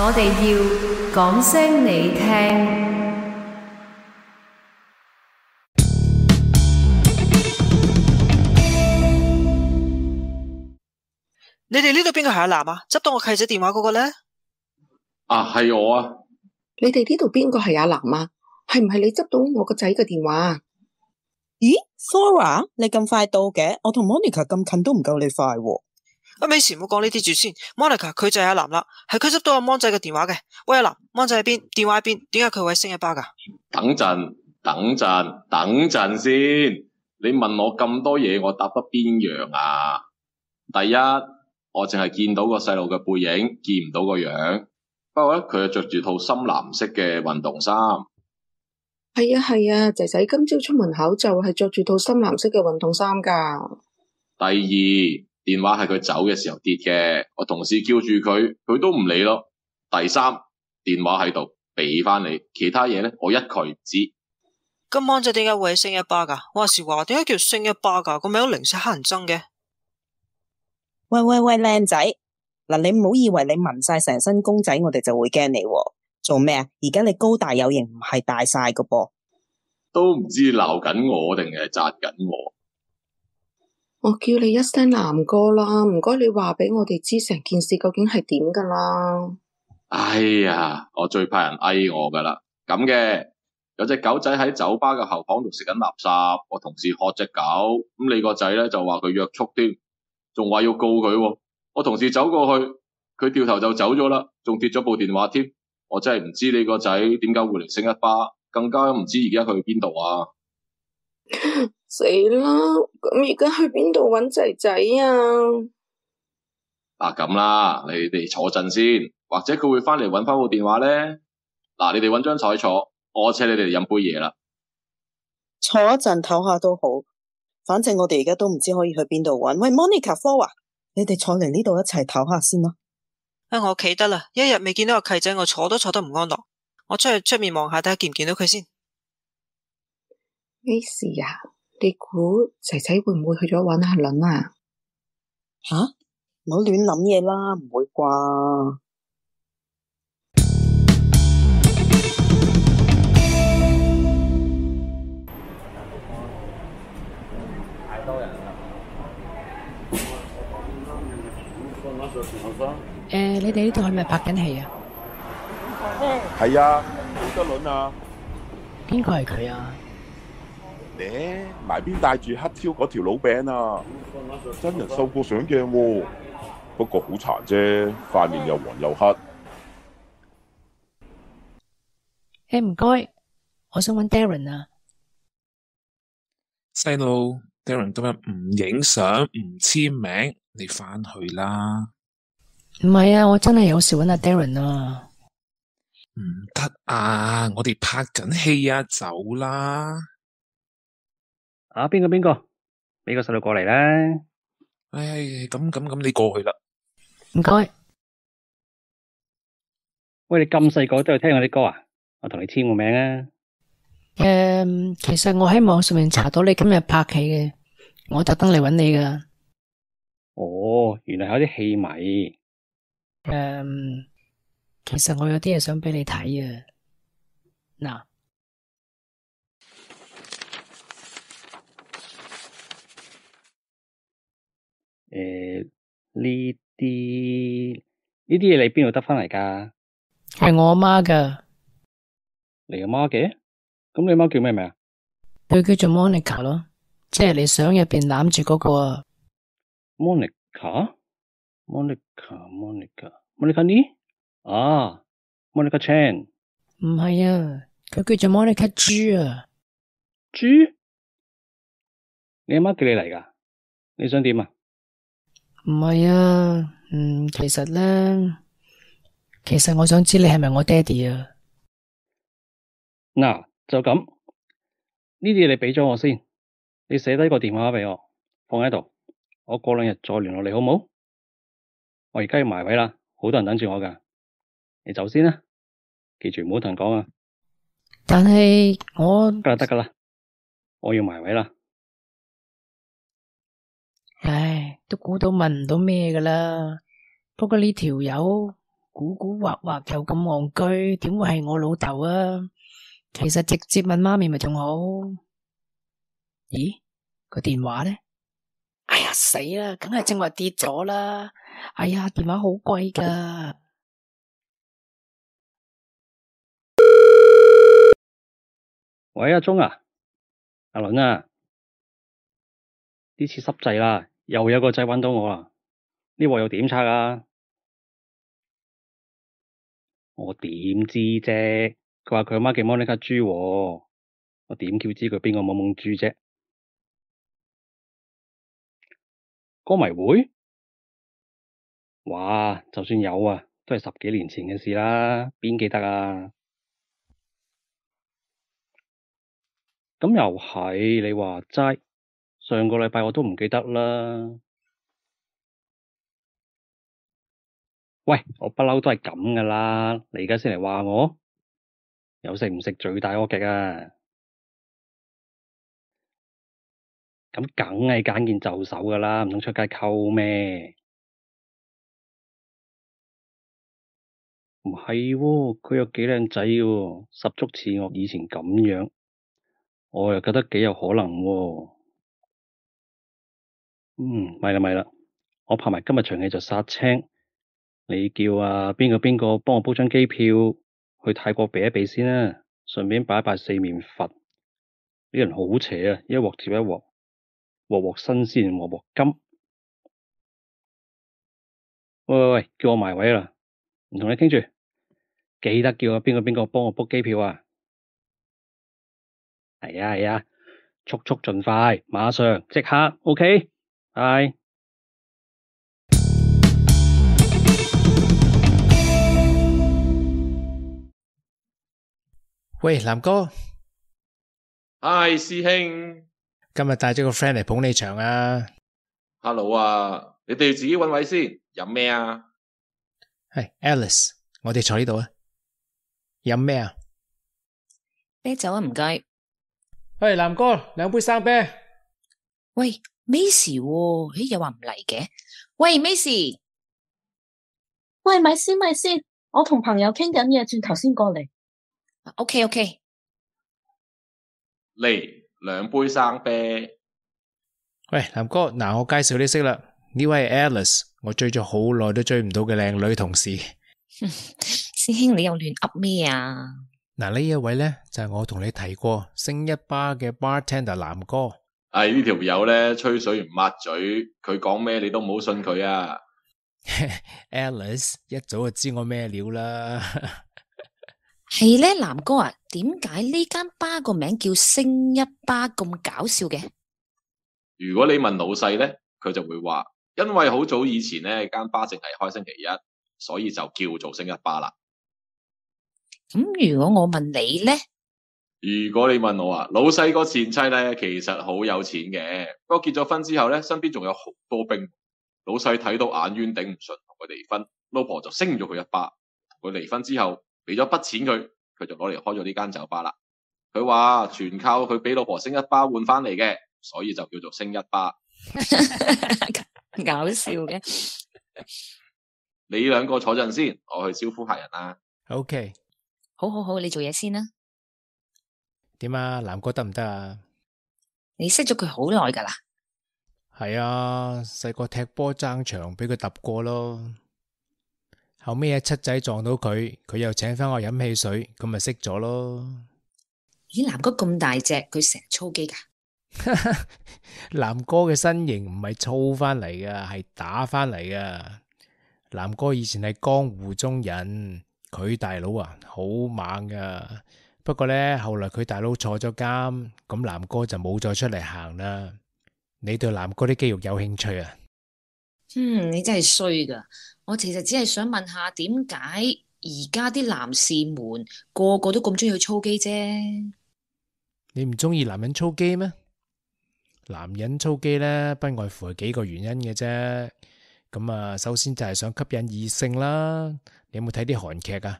我哋要講聲你聽，你哋呢度邊個係阿南啊？執到我契仔電話嗰個咧？啊，係我啊！你哋呢度邊個係阿南啊？係唔係你執到我個仔嘅電話啊？咦，Sora，你咁快到嘅？我同 Monica 咁近都唔夠你快。啊、美 ica，阿美，時唔好講呢啲住先。Monica，佢就係阿林啦，係佢執到阿芒仔嘅電話嘅。喂，阿林，芒仔喺邊？電話喺邊？點解佢會星一吧噶？等陣，等陣，等陣先。你問我咁多嘢，我答得邊樣啊？第一，我淨係見到個細路嘅背影，見唔到個樣。不過咧，佢着住套深藍色嘅運動衫。係啊，係啊，仔仔今朝出門口就係着住套深藍色嘅運動衫噶。第二。電話係佢走嘅時候跌嘅，我同事叫住佢，佢都唔理咯。第三，電話喺度俾翻你，其他嘢咧，我一概唔知。今晚就點解會星一吧㗎？我話時話點解叫星一吧㗎？個名零舍黑人憎嘅。喂喂喂，靚仔，嗱，你唔好以為你紋晒成身公仔，我哋就會驚你。做咩啊？而家你高大有型唔係大晒噶噃？都唔知鬧緊我定係窒緊我？我叫你一聲南哥啦，唔該你話俾我哋知成件事究竟係點噶啦。哎呀，我最怕人嗌我噶啦，咁嘅有隻狗仔喺酒吧嘅後巷度食緊垃圾，我同事喝隻狗，咁、嗯、你個仔咧就話佢約束添，仲話要告佢。我同事走過去，佢掉頭就走咗啦，仲跌咗部電話添。我真係唔知你個仔點解會嚟星一吧，更加唔知而家佢去邊度啊！死啦！咁而家去邊度揾仔仔啊？啊咁啦，你哋坐陣先，或者佢會翻嚟揾翻我電話咧。嗱、啊，你哋揾張台坐，我請你哋飲杯嘢啦。坐一陣唞下都好，反正我哋而家都唔知可以去邊度揾。喂，Monica、Flo，你哋坐嚟呢度一齊唞下先啦。啊，我企得啦，一日未見到個契仔，我坐都坐得唔安樂。我出去出面望下，睇下見唔見到佢先。咩事啊？你估仔仔會唔會去咗玩阿倫啊？吓、啊，冇亂諗嘢啦，唔會啩。誒、啊，你哋呢度係咪拍緊戲啊？係、哎、啊，吳德倫啊，邊個係佢啊？誒，埋邊帶住黑超嗰條老餅啊！真人收過相鏡喎，不過好殘啫，塊面又黃又黑。誒，唔該，我想搵 Darren 啊。細路，Darren 今日唔影相唔簽名，你翻去啦。唔係啊，我真係有事搵阿、啊、Darren 啊。唔得啊，我哋拍緊戲啊，走啦。啊，邊個邊個？俾個細路過嚟啦！唉，咁咁咁，你過去啦。唔該。喂，你咁細個都係聽我啲歌啊？我同你簽個名啊。誒、嗯，其實我喺網上面查到你今日拍戲嘅，我特登嚟搵你噶。哦，原來有啲戲迷。誒、嗯，其實我有啲嘢想俾你睇啊。嗱。誒，呢啲呢啲嘢你邊度得翻嚟噶？係我阿媽噶，你阿媽嘅？咁你阿媽叫咩名啊？佢叫做 Monica 咯，即係你相入邊攬住嗰個啊。Monica，Monica，Monica，Monica Monica 呢？啊，Monica Chan？唔係啊，佢叫做 Monica 朱啊。朱？你阿媽叫你嚟噶？你想點啊？唔係啊，嗯，其實咧，其實我想知你係咪我爹哋啊？嗱，就咁呢啲嘢你畀咗我先，你寫低個電話畀我，放喺度，我過兩日再聯絡你好唔好？我而家要埋位啦，好多人等住我噶，你走先啦，記住唔好同人講啊。但係我得啦得啦，我要埋位啦。唉，都估到問唔到咩噶啦。不過呢條友，古古惑惑又，又咁憨居，點會係我老豆啊？其實直接問媽咪咪仲好。咦，個電話呢？哎呀，死啦！梗係正話跌咗啦。哎呀，電話好貴噶。喂，阿鐘啊，阿倫啊。呢次濕滯啦，又有個仔揾到我啦，呢鑊又點拆啊？我點知啫？佢話佢阿媽叫莫妮卡豬，我點叫知佢邊個懵懵豬啫？歌迷會？哇，就算有啊，都係十幾年前嘅事啦，邊記得啊？咁又係，你話齋？上個禮拜我都唔記得啦。喂，我不嬲都係咁㗎啦，你而家先嚟話我有食唔食最大惡極啊？咁梗係揀件就手㗎啦，唔通出街溝咩？唔係喎，佢又幾靚仔喎，十足似我以前咁樣，我又覺得幾有可能喎、哦。嗯，咪啦咪啦，我拍埋今日場戲就殺青。你叫啊邊個邊個幫我 book 張機票去泰國避一避先啦。啊，順便拜一拜四面佛。啲人好邪啊，一鑊接一鑊，鑊鑊新鮮，鑊鑊金。喂喂喂，叫我埋位啦，唔同你傾住，記得叫啊邊個邊個幫我 book 機票啊。係啊係啊，速速盡快，馬上即刻，OK？喂，南哥。Hi，師兄。今日帶咗個 friend 嚟捧你場啊。Hello 啊，你哋要自己揾位先。飲咩啊？係、hey, Alice，我哋坐呢度啊。飲咩啊？啤酒啊，唔該。喂，南哥，兩杯生啤。喂。Miss，啊、咦又話唔嚟嘅？喂，Miss，喂，咪先，咪先，我同朋友傾緊嘢，轉頭先過嚟。OK，OK，okay, okay 嚟，兩杯生啤。喂，南哥，嗱我介紹你識啦，呢位係 Alice，我追咗好耐都追唔到嘅靚女同事。 師兄，你又亂噏咩啊？嗱呢一位咧就係、是、我同你提過星一吧嘅 bartender 南哥。係呢條友咧，吹水唔抹嘴，佢講咩你都唔好信佢啊 ！Alice 一早就知我咩料啦，係 咧，南哥啊，點解呢間吧個名叫星一吧咁搞笑嘅？如果你問老細咧，佢就會話，因為好早以前咧間吧淨係開星期一，所以就叫做星一吧啦。咁如果我問你咧？如果你問我啊，老細個前妻咧，其實好有錢嘅，不過結咗婚之後咧，身邊仲有好多兵。老細睇到眼冤，頂唔順，同佢離婚，老婆就升咗佢一巴。同佢離婚之後，俾咗筆錢佢，佢就攞嚟開咗呢間酒吧啦。佢話全靠佢俾老婆升一巴換返嚟嘅，所以就叫做星一吧。 搞笑嘅的， 你兩個坐陣先，我去招呼客人啊。OK，好，好好好，你做嘢先啦。點啊，南哥得唔得啊？你識咗佢好耐噶啦？係啊，細個踢波爭場俾佢揼過咯。後尾阿七仔撞到佢，佢又請翻我飲汽水，咁咪識咗咯。咦，南哥咁大隻，佢成日操肌噶？南 哥嘅身形唔係操翻嚟噶，係打翻嚟噶。南哥以前係江湖中人，佢大佬啊，好猛噶。不過咧，後來佢大佬坐咗監，咁南哥就冇再出嚟行啦。你對南哥啲肌肉有興趣啊？嗯，你真係衰噶。我其實只係想問下，點解而家啲男士們個個都咁中意去操肌啫？你唔中意男人操肌咩？男人操肌咧，不外乎係幾個原因嘅啫。咁啊，首先就係想吸引異性啦。你有冇睇啲韓劇啊？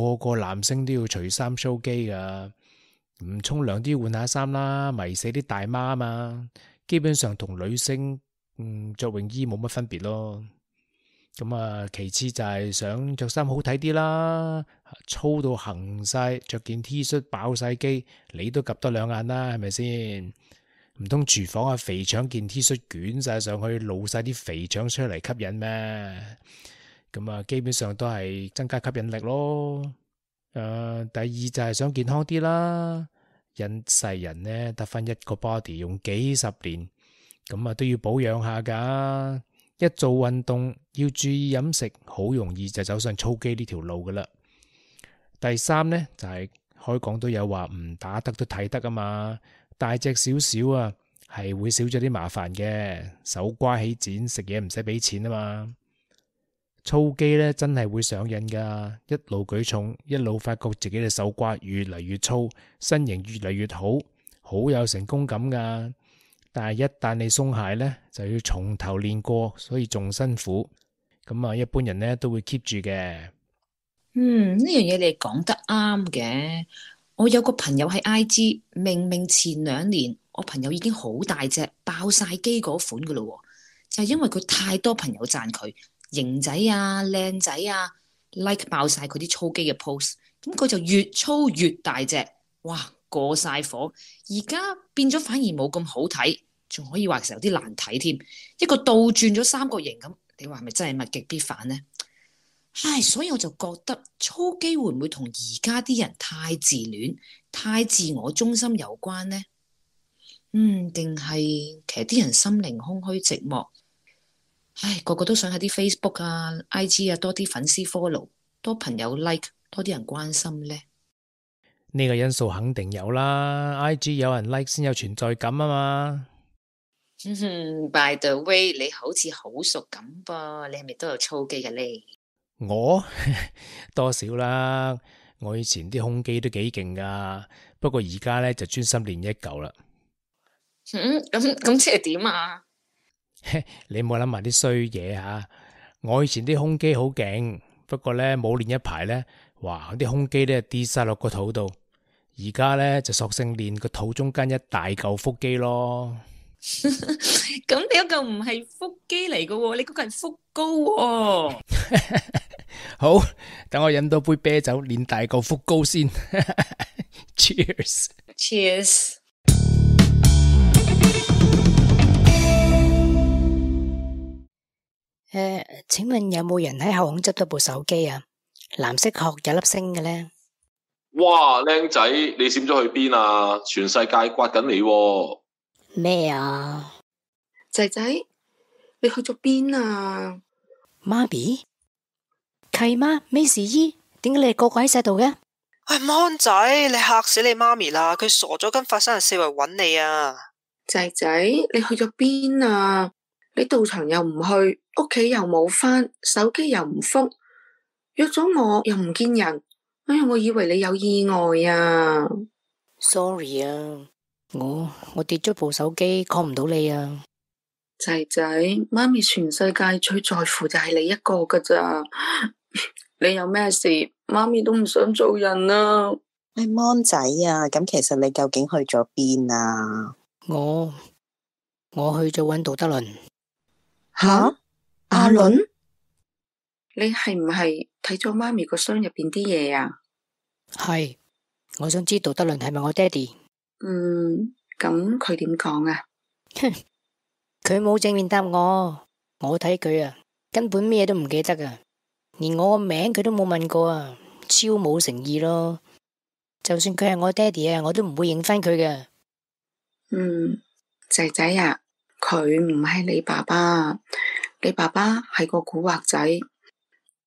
個個男星都要除衫 show 肌噶，唔沖涼啲換下衫啦，迷死啲大媽嘛。基本上同女星嗯着泳衣冇乜分別咯。咁、嗯、啊，其次就係想着衫好睇啲啦，粗到行晒，着件 T 恤爆晒肌，你都 𥄫 得兩眼啦，係咪先？唔通廚房啊肥腸件 T 恤捲晒上去露晒啲肥腸出嚟吸引咩？咁啊，基本上都係增加吸引力咯。誒、呃，第二就係想健康啲啦，人世人呢得翻一個 body 用幾十年，咁啊都要保養下噶。一做運動，要注意飲食，好容易就走上操肌呢條路噶啦。第三呢就係開講都有話唔打得都睇得啊嘛，大隻少少啊係會少咗啲麻煩嘅，手瓜起剪食嘢唔使俾錢啊嘛。操肌咧，真係會上癮噶，一路舉重，一路發覺自己嘅手瓜越嚟越粗，身形越嚟越好，好有成功感噶。但係一旦你鬆懈咧，就要從頭練過，所以仲辛苦。咁啊，一般人咧，都會 keep 住嘅。嗯，呢樣嘢你講得啱嘅。我有個朋友喺 IG，明明前兩年我朋友已經好大隻，爆晒肌嗰款噶啦，就係因為佢太多朋友讚佢。型仔啊，靚仔啊，like 爆曬佢啲操肌嘅 pose，咁佢就越操越大隻，哇過晒火，而家變咗反而冇咁好睇，仲可以話其實有啲難睇添，一個倒轉咗三角形咁，你話係咪真係物極必反呢？唉，所以我就覺得操肌會唔會同而家啲人太自戀、太自我中心有關呢？嗯，定係其實啲人心靈空虛寂寞。唉、哎，個個都想喺啲 Facebook 啊、IG 啊多啲粉絲 follow，多朋友 like，多啲人關心咧。呢個因素肯定有啦，IG 有人 like 先有存在感啊嘛。嗯、哼哼，by the way，你好似好熟咁噃，你係咪都有操肌嘅咧？我 多少啦，我以前啲胸肌都幾勁噶，不過而家咧就專心練一嚿啦。嗯，咁咁即係點啊？ 你冇諗埋啲衰嘢吓，我以前啲胸肌好勁，不過咧冇練一排咧，哇啲胸肌咧跌晒落個肚度，而家咧就索性練個肚中間一大嚿腹肌咯。咁呢嚿唔係腹肌嚟㗎，你嗰嚿係腹高，哦。 好，等我飲多杯啤酒練大嚿腹高先。 Cheers, Cheers。Cheers。 誒、呃，請問有冇人喺後巷執到部手機啊？藍色殼有粒星嘅咧。哇，靚仔，你閃咗去邊啊？全世界刮緊你。咩啊？仔仔，你去咗邊啊？媽咪契媽咪士姨，點解你個個喺晒度嘅？喂，Mon 仔，你嚇死你媽咪啦！佢傻咗，跟佛生人四圍揾你啊！仔仔，你去咗邊啊？你到場又唔去？屋企又冇返，手機又唔覆約咗我又唔見人，哎呀，我以為你有意外啊！Sorry 啊，我我跌咗部手機 call 唔到你啊！仔仔，媽咪全世界最在乎就係你一個噶咋， 你有咩事，媽咪都唔想做人啊。你芒、哎、仔啊，咁其實你究竟去咗邊啊？我我去咗搵杜德倫。吓、啊？阿倫，你係唔係睇咗媽咪個箱入邊啲嘢啊？係，我想知道杜德倫係咪我爹哋？嗯，咁佢點講啊？哼，佢冇正面答我。我睇佢啊，根本咩都唔記得噶啊，連我個名佢都冇問過啊，超冇誠意咯。就算佢係我爹哋啊，我都唔會認翻佢嘅。嗯，仔仔啊，佢唔係你爸爸。你爸爸係個古惑仔，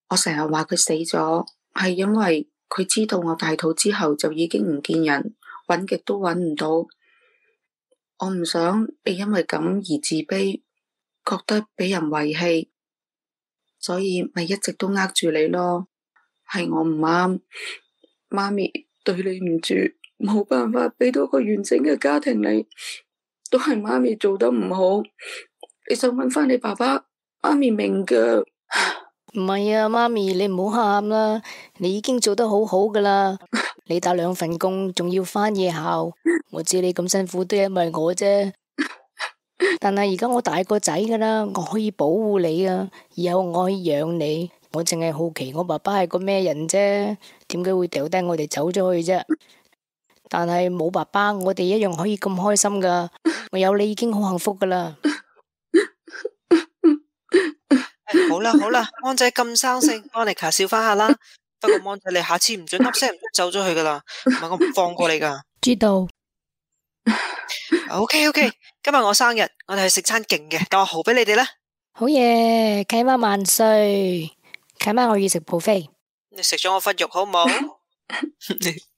我成日話佢死咗，係因為佢知道我大肚之後就已經唔見人，揾極都揾唔到。我唔想你因為咁而自卑，覺得俾人遺棄，所以咪一直都呃住你咯。係我唔啱，媽咪對你唔住，冇辦法俾到個完整嘅家庭你，都係媽咪做得唔好。你想揾返你爸爸？媽咪明噶，唔係啊，媽咪你唔好喊啦，你已經做得好好噶啦，你打兩份工，仲要返夜校，我知你咁辛苦都係因為我啫。但係而家我大個仔噶啦，我可以保護你啊，以後我可以養你，我淨係好奇我爸爸係個咩人啫？點解會丟低我哋走咗去啫？但係冇爸爸，我哋一樣可以咁開心噶，我有你已經好幸福噶啦。 好啦好啦，安仔咁生性，安妮卡笑翻下啦。不過安仔你下次唔准唔聲，唔准走咗去噶啦，唔係我唔放過你噶。知道。OK OK，今日我生日，我哋去食餐勁嘅，等我豪俾你哋啦！好嘢，契媽萬歲，契媽我要食 buffet。你食咗我塊肉好唔好？